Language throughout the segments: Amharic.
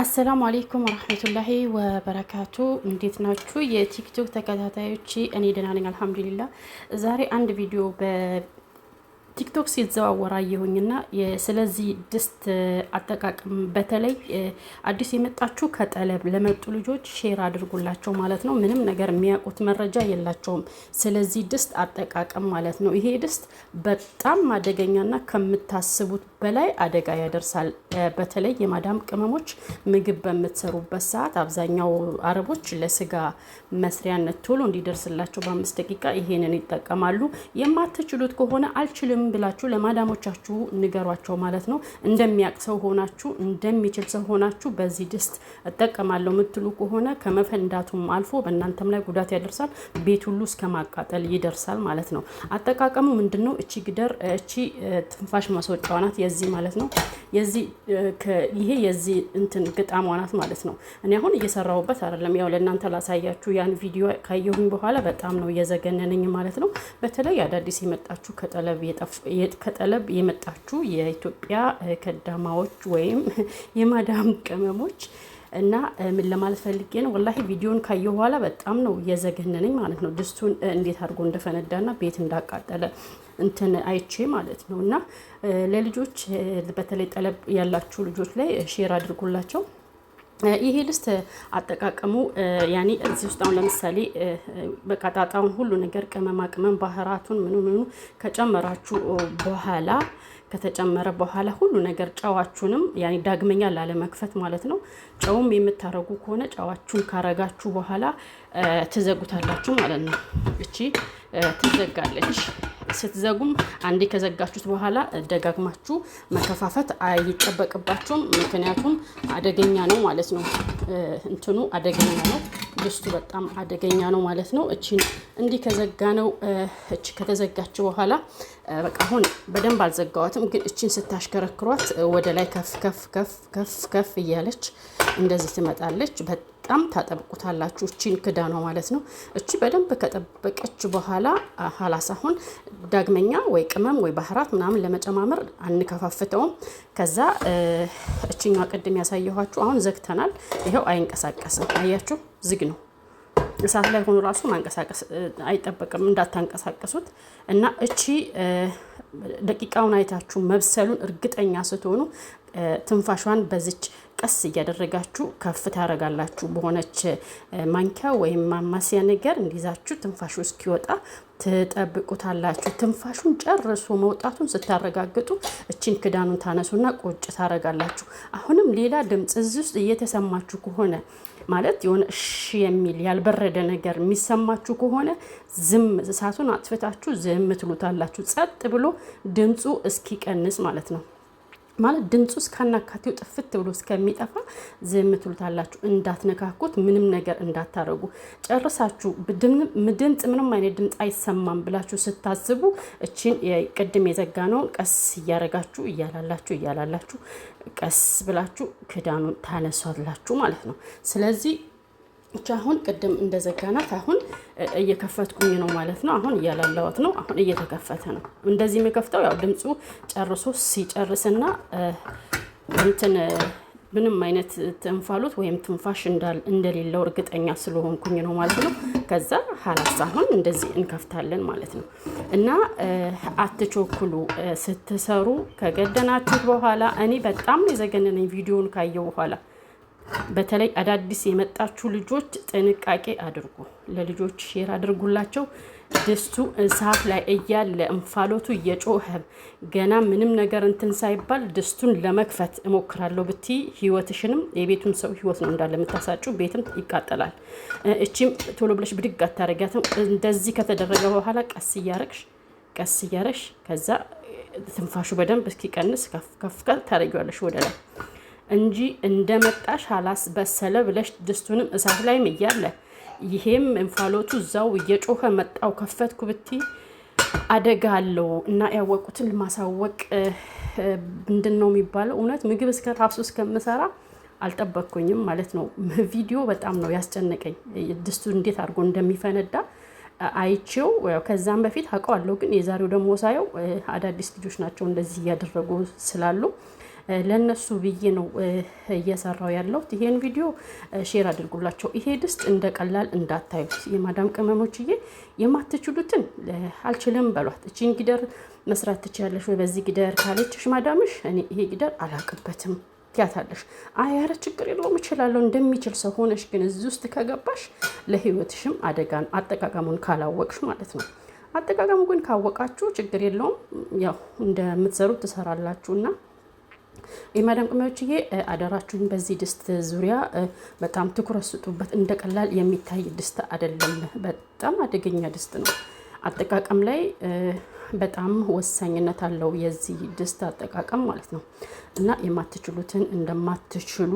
አሰላሙ አሌይኩም ወረህመቱላሂ ወበረካቱ። እንዴት ናችሁ የቲክቶክ ተከታታዮች? እኔ ደህና ነኝ አልሐምዱሊላ። ዛሬ አንድ ቪዲዮ ቲክቶክ ሲዘዋወር አየሁኝና ስለዚህ ድስት አጠቃቀም በተለይ አዲስ የመጣችሁ ከጠለብ ለመጡ ልጆች ሼር አድርጉላቸው ማለት ነው። ምንም ነገር የሚያውቁት መረጃ የላቸውም። ስለዚህ ድስት አጠቃቀም ማለት ነው። ይሄ ድስት በጣም አደገኛና ከምታስቡት በላይ አደጋ ያደርሳል። በተለይ የማዳም ቅመሞች ምግብ በምትሰሩበት ሰዓት አብዛኛው አረቦች ለስጋ መስሪያነት ቶሎ እንዲደርስላቸው በአምስት ደቂቃ ይሄንን ይጠቀማሉ። የማትችሉት ከሆነ አልችልም አይችልም ብላችሁ ለማዳሞቻችሁ ንገሯቸው ማለት ነው። እንደሚያቅ ሰው ሆናችሁ እንደሚችል ሰው ሆናችሁ በዚህ ድስት እጠቀማለሁ የምትሉ ከሆነ ከመፈንዳቱም አልፎ በእናንተም ላይ ጉዳት ያደርሳል፣ ቤት ሁሉ እስከ ማቃጠል ይደርሳል ማለት ነው። አጠቃቀሙ ምንድን ነው? እቺ ግደር እቺ ትንፋሽ ማስወጫዋ ናት የዚህ ማለት ነው። የዚህ ይሄ የዚህ እንትን ግጣሟ ናት ማለት ነው። እኔ አሁን እየሰራሁበት አይደለም፣ ያው ለእናንተ ላሳያችሁ። ያን ቪዲዮ ካየሁኝ በኋላ በጣም ነው እየዘገነነኝ ማለት ነው። በተለይ አዳዲስ የመጣችሁ ከጠለብ የጠፋ ከጠለብ የመጣችሁ የኢትዮጵያ ከዳማዎች ወይም የማዳም ቅመሞች እና ምን ለማለት ፈልጌ ነው፣ ወላሂ ቪዲዮን ካየሁ በኋላ በጣም ነው የዘገነነኝ ማለት ነው። ድስቱን እንዴት አድርጎ እንደፈነዳና ቤት እንዳቃጠለ እንትን አይቼ ማለት ነው። እና ለልጆች በተለይ ጠለብ ያላችሁ ልጆች ላይ ሼር አድርጉላቸው። ይሄ ልስት አጠቃቀሙ ያኔ እዚህ ውስጥ አሁን ለምሳሌ በቀጣጣውን ሁሉ ነገር ቅመማ ቅመም ባህራቱን ምኑ ምኑ ከጨመራችሁ በኋላ ከተጨመረ በኋላ ሁሉ ነገር ጨዋችሁንም ያኔ ዳግመኛ ላለመክፈት ማለት ነው። ጨውም የምታረጉ ከሆነ ጨዋችሁን ካረጋችሁ በኋላ ትዘጉታላችሁ ማለት ነው እቺ ትዘጋለች። ስትዘጉም አንዴ ከዘጋችሁት በኋላ ደጋግማችሁ መከፋፈት አይጠበቅባችሁም። ምክንያቱም አደገኛ ነው ማለት ነው። እንትኑ አደገኛ ነው፣ ድስቱ በጣም አደገኛ ነው ማለት ነው። እቺን እንዲህ ከዘጋ ነው። እቺ ከተዘጋች በኋላ በቃ አሁን በደንብ አልዘጋዋትም፣ ግን እቺን ስታሽከረክሯት ወደ ላይ ከፍ ከፍ ከፍ ከፍ ከፍ እያለች እንደዚህ ትመጣለች። በጣም ታጠብቁታላችሁ። እቺን ክዳኗ ማለት ነው። እቺ በደንብ ከጠበቀች በኋላ ሀላስ አሁን ዳግመኛ ወይ ቅመም ወይ ባህራት ምናምን ለመጨማመር አንከፋፍተውም። ከዛ እችኛ ቅድም ያሳየኋችሁ አሁን ዘግተናል። ይኸው አይንቀሳቀስም። አያችሁ፣ ዝግ ነው። እሳት ላይ ሆኖ ራሱ ማንቀሳቀስ አይጠበቅም፣ እንዳታንቀሳቀሱት እና እቺ ደቂቃውን አይታችሁ መብሰሉን እርግጠኛ ስትሆኑ ትንፋሿን በዚች ቀስ እያደረጋችሁ ከፍ ታደርጋላችሁ። በሆነች ማንኪያ ወይም ማማሲያ ነገር እንዲዛችሁ ትንፋሹ እስኪወጣ ትጠብቁታላችሁ። ትንፋሹን ጨርሶ መውጣቱን ስታረጋግጡ እችን ክዳኑን ታነሱና ቁጭ ታረጋላችሁ። አሁንም ሌላ ድምፅ እዚህ ውስጥ እየተሰማችሁ ከሆነ ማለት የሆነ እሺ የሚል ያልበረደ ነገር የሚሰማችሁ ከሆነ ዝም እሳቱን አጥፍታችሁ ዝም ትሉታላችሁ። ጸጥ ብሎ ድምፁ እስኪቀንስ ማለት ነው። ማለት ድምፁ እስካናካቴው ጥፍት ብሎ እስከሚጠፋ ዝም ትሉታላችሁ። እንዳትነካኩት፣ ምንም ነገር እንዳታረጉ። ጨርሳችሁ ድምፅ ምንም አይነት ድምፅ አይሰማም ብላችሁ ስታስቡ እችን ቅድም የዘጋነውን ቀስ እያረጋችሁ እያላላችሁ እያላላችሁ ቀስ ብላችሁ ክዳኑን ታነሷላችሁ ማለት ነው። ስለዚህ ብቻ አሁን ቅድም እንደዘጋናት አሁን እየከፈትኩኝ ነው ማለት ነው። አሁን እያላላዋት ነው። አሁን እየተከፈተ ነው። እንደዚህ የሚከፍተው ያው ድምፁ ጨርሶ ሲጨርስና እንትን ምንም አይነት ትንፋሉት ወይም ትንፋሽ እንደሌለው እርግጠኛ ስለሆንኩኝ ነው ማለት ነው። ከዛ ሀላስ አሁን እንደዚህ እንከፍታለን ማለት ነው። እና አትቾክሉ ስትሰሩ። ከገደናችሁ በኋላ እኔ በጣም የዘገነነኝ ቪዲዮን ካየው በኋላ በተለይ አዳዲስ የመጣችሁ ልጆች ጥንቃቄ አድርጉ። ለልጆች ሼር አድርጉላቸው። ድስቱ እሳት ላይ እያለ እንፋሎቱ እየጮኸ ገና ምንም ነገር እንትን ሳይባል ድስቱን ለመክፈት እሞክራለሁ ብቲ ህይወትሽንም የቤቱን ሰው ህይወት ነው እንዳለ የምታሳጩ፣ ቤትም ይቃጠላል። እቺም ቶሎ ብለሽ ብድግ አታረጊያትም። እንደዚህ ከተደረገ በኋላ ቀስ እያረግሽ ቀስ እያረሽ ከዛ ትንፋሹ በደንብ እስኪቀንስ ከፍ ከፍ ታረጊዋለሽ ወደ ላይ እንጂ እንደመጣሽ አላስ በሰለ ብለሽ ድስቱንም እሳት ላይ ምያለ። ይሄም እንፋሎቱ እዛው እየጮኸ መጣው ከፈትኩ ብቲ አደጋ አለው እና ያወቁትን ማሳወቅ ምንድን ነው የሚባለው? እውነት ምግብ እስከ ታፍሶ እስከምሰራ አልጠበቅኩኝም ማለት ነው። ቪዲዮ በጣም ነው ያስጨነቀኝ። ድስቱ እንዴት አድርጎ እንደሚፈነዳ አይቼው ከዛም በፊት አውቀዋለሁ፣ ግን የዛሬው ደግሞ ሳየው አዳዲስ ልጆች ናቸው እንደዚህ እያደረጉ ስላሉ ለነሱ ብዬ ነው እየሰራው ያለሁት። ይሄን ቪዲዮ ሼር አድርጉላቸው። ይሄ ድስት እንደ ቀላል እንዳታዩት። የማዳም ቅመሞችዬ የማትችሉትን አልችልም በሏት። እቺን ጊደር መስራት ትችያለሽ ወይ በዚህ ጊደር ካለችሽ ማዳምሽ እኔ ይሄ ጊደር አላቅበትም ትያታለሽ። አይ ኧረ ችግር የለውም እችላለሁ እንደሚችል ሰው ሆነሽ ግን እዚህ ውስጥ ከገባሽ ለህይወትሽም አደጋ ነው፣ አጠቃቀሙን ካላወቅሽ ማለት ነው። አጠቃቀሙ ግን ካወቃችሁ ችግር የለውም ያው እንደምትሰሩት ትሰራላችሁ እና። የማዳም ቅመሞችዬ አደራችሁን በዚህ ድስት ዙሪያ በጣም ትኩረት ስጡበት። እንደ ቀላል የሚታይ ድስት አይደለም። በጣም አደገኛ ድስት ነው። አጠቃቀም ላይ በጣም ወሳኝነት አለው የዚህ ድስት አጠቃቀም ማለት ነው። እና የማትችሉትን እንደማትችሉ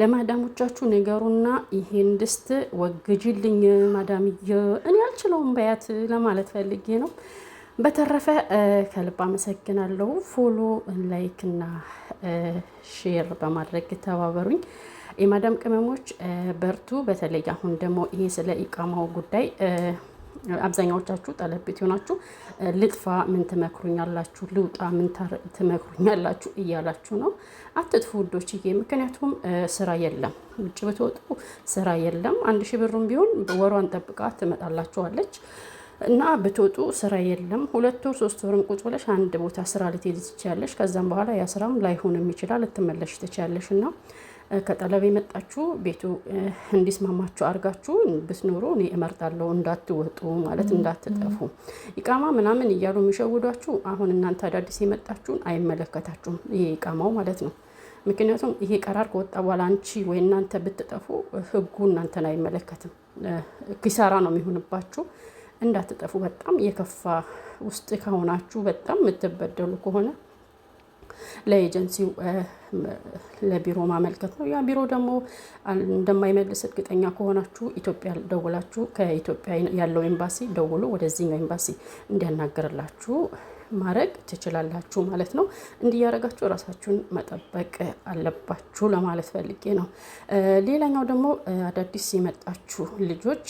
ለማዳሞቻችሁ ንገሩና ይሄን ድስት ወግጅልኝ ማዳምዬ፣ እኔ አልችለውም በያት ለማለት ፈልጌ ነው። በተረፈ ከልብ አመሰግናለሁ። ፎሎ ላይክ እና ሼር በማድረግ ተባበሩኝ። የማዳም ቅመሞች በርቱ። በተለይ አሁን ደግሞ ይሄ ስለ ኢቃማው ጉዳይ አብዛኛዎቻችሁ ጠለብት ሆናችሁ ልጥፋ፣ ምን ትመክሩኛላችሁ? ልውጣ፣ ምን ትመክሩኛላችሁ? እያላችሁ ነው። አትጥፉ ውዶችዬ፣ ምክንያቱም ስራ የለም፣ ውጭ ብትወጡ ስራ የለም። አንድ ሺ ብሩም ቢሆን ወሯን ጠብቃ ትመጣላችኋለች። እና ብትወጡ ስራ የለም። ሁለት ወር ሶስት ወርም ቁጭ ብለሽ አንድ ቦታ ስራ ልትሄድ ትችያለሽ። ከዛም በኋላ ያ ስራም ላይሆንም ይችላል፣ ልትመለሽ ትችያለሽ። እና ከጠለብ የመጣችሁ ቤቱ እንዲስማማችሁ አድርጋችሁ ብትኖሩ እኔ እመርጣለሁ። እንዳትወጡ ማለት እንዳትጠፉ፣ ኢቃማ ምናምን እያሉ የሚሸውዷችሁ አሁን እናንተ አዳዲስ የመጣችሁን አይመለከታችሁም፣ ይሄ ኢቃማው ማለት ነው። ምክንያቱም ይሄ ቀራር ከወጣ በኋላ አንቺ ወይ እናንተ ብትጠፉ ህጉ እናንተን አይመለከትም፣ ኪሳራ ነው የሚሆንባችሁ። እንዳትጠፉ። በጣም የከፋ ውስጥ ከሆናችሁ በጣም የምትበደሉ ከሆነ ለኤጀንሲው ለቢሮ ማመልከት ነው። ያ ቢሮ ደግሞ እንደማይመልስ እርግጠኛ ከሆናችሁ ኢትዮጵያ ደውላችሁ ከኢትዮጵያ ያለው ኤምባሲ ደውሎ ወደዚህኛው ኤምባሲ እንዲያናገርላችሁ ማድረግ ትችላላችሁ ማለት ነው። እንዲያረጋችሁ ራሳችሁን መጠበቅ አለባችሁ ለማለት ፈልጌ ነው። ሌላኛው ደግሞ አዳዲስ የመጣችሁ ልጆች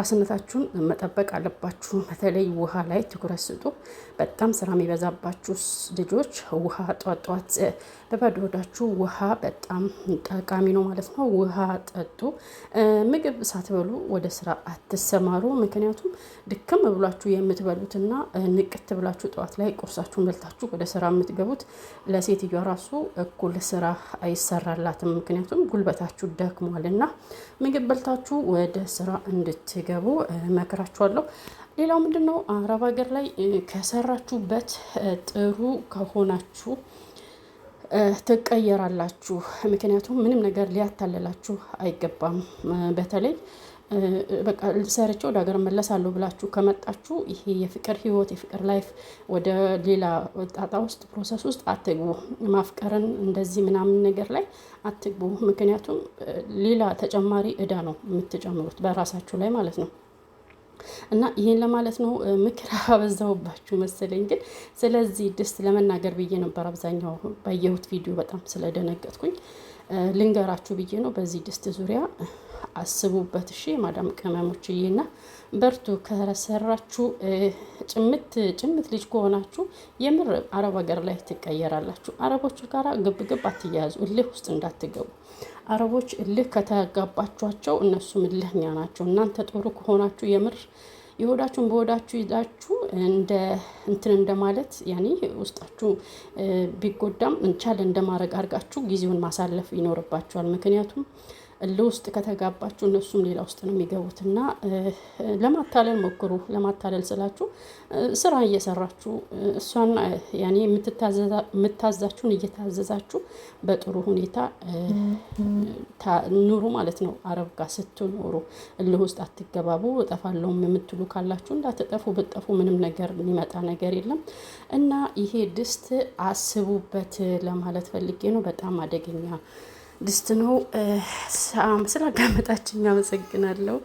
ራስነታችሁን መጠበቅ አለባችሁ። በተለይ ውሃ ላይ ትኩረት ስጡ። በጣም ስራ የሚበዛባችሁ ልጆች ውሃ ጧጧት በባዶ ሆዳችሁ ውሃ በጣም ጠቃሚ ነው ማለት ነው። ውሃ ጠጡ። ምግብ ሳትበሉ ወደ ስራ አትሰማሩ። ምክንያቱም ድክም ብሏችሁ የምትበሉትና ንቅት ብላችሁ ጠዋት ላይ ቁርሳችሁን በልታችሁ ወደ ስራ የምትገቡት ለሴትዮዋ ራሱ እኩል ስራ አይሰራላትም። ምክንያቱም ጉልበታችሁ ደክሟልና ምግብ በልታችሁ ወደ ስራ እንድትገቡ መክራችኋለሁ። ሌላው ምንድን ነው፣ አረብ ሀገር ላይ ከሰራችሁበት ጥሩ ከሆናችሁ ትቀየራላችሁ። ምክንያቱም ምንም ነገር ሊያታልላችሁ አይገባም። በተለይ በቃ ሰርቼ ወደ ሀገር መለሳለሁ ብላችሁ ከመጣችሁ ይሄ የፍቅር ህይወት የፍቅር ላይፍ ወደ ሌላ ጣጣ ውስጥ ፕሮሰስ ውስጥ አትግቡ። ማፍቀርን እንደዚህ ምናምን ነገር ላይ አትግቡ። ምክንያቱም ሌላ ተጨማሪ እዳ ነው የምትጨምሩት በራሳችሁ ላይ ማለት ነው። እና ይህን ለማለት ነው። ምክር አበዛውባችሁ መሰለኝ፣ ግን ስለዚህ ድስት ለመናገር ብዬ ነበር። አብዛኛው ባየሁት ቪዲዮ በጣም ስለደነገጥኩኝ ልንገራችሁ ብዬ ነው በዚህ ድስት ዙሪያ አስቡበት። እሺ ማዳም ቅመሞችዬና በርቱ። ከሰራችሁ ጭምት ጭምት ልጅ ከሆናችሁ የምር አረብ ሀገር ላይ ትቀየራላችሁ። አረቦች ጋር ግብግብ አትያያዙ፣ እልህ ውስጥ እንዳትገቡ። አረቦች እልህ ከተጋባችኋቸው እነሱም እልህኛ ናቸው። እናንተ ጥሩ ከሆናችሁ የምር የሆዳችሁን በሆዳችሁ ይዛችሁ እንደ እንትን እንደማለት ያኔ ውስጣችሁ ቢጎዳም እንቻል እንደማድረግ አድርጋችሁ ጊዜውን ማሳለፍ ይኖርባችኋል። ምክንያቱም እልህ ውስጥ ከተጋባችሁ እነሱም ሌላ ውስጥ ነው የሚገቡት እና ለማታለል ሞክሩ። ለማታለል ስላችሁ ስራ እየሰራችሁ እሷን ያኔ የምታዛችሁን እየታዘዛችሁ በጥሩ ሁኔታ ኑሩ ማለት ነው። አረብ ጋር ስትኖሩ እልህ ውስጥ አትገባቡ። እጠፋለሁም የምትሉ ካላችሁ እንዳትጠፉ። ብጠፉ ምንም ነገር የሚመጣ ነገር የለም እና ይሄ ድስት አስቡበት ለማለት ፈልጌ ነው። በጣም አደገኛ ድስት ነው። ስላዳመጣችሁኝ አመሰግናለሁ።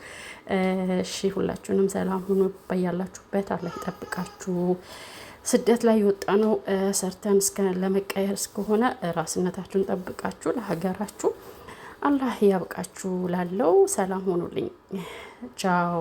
እሺ ሁላችሁንም ሰላም ሁኑ። በያላችሁበት አላህ ይጠብቃችሁ። ስደት ላይ የወጣ ነው ሰርተን ለመቀየር እስከሆነ ራስነታችሁን ጠብቃችሁ ለሀገራችሁ አላህ ያብቃችሁ። ላለው ሰላም ሆኑልኝ። ቻው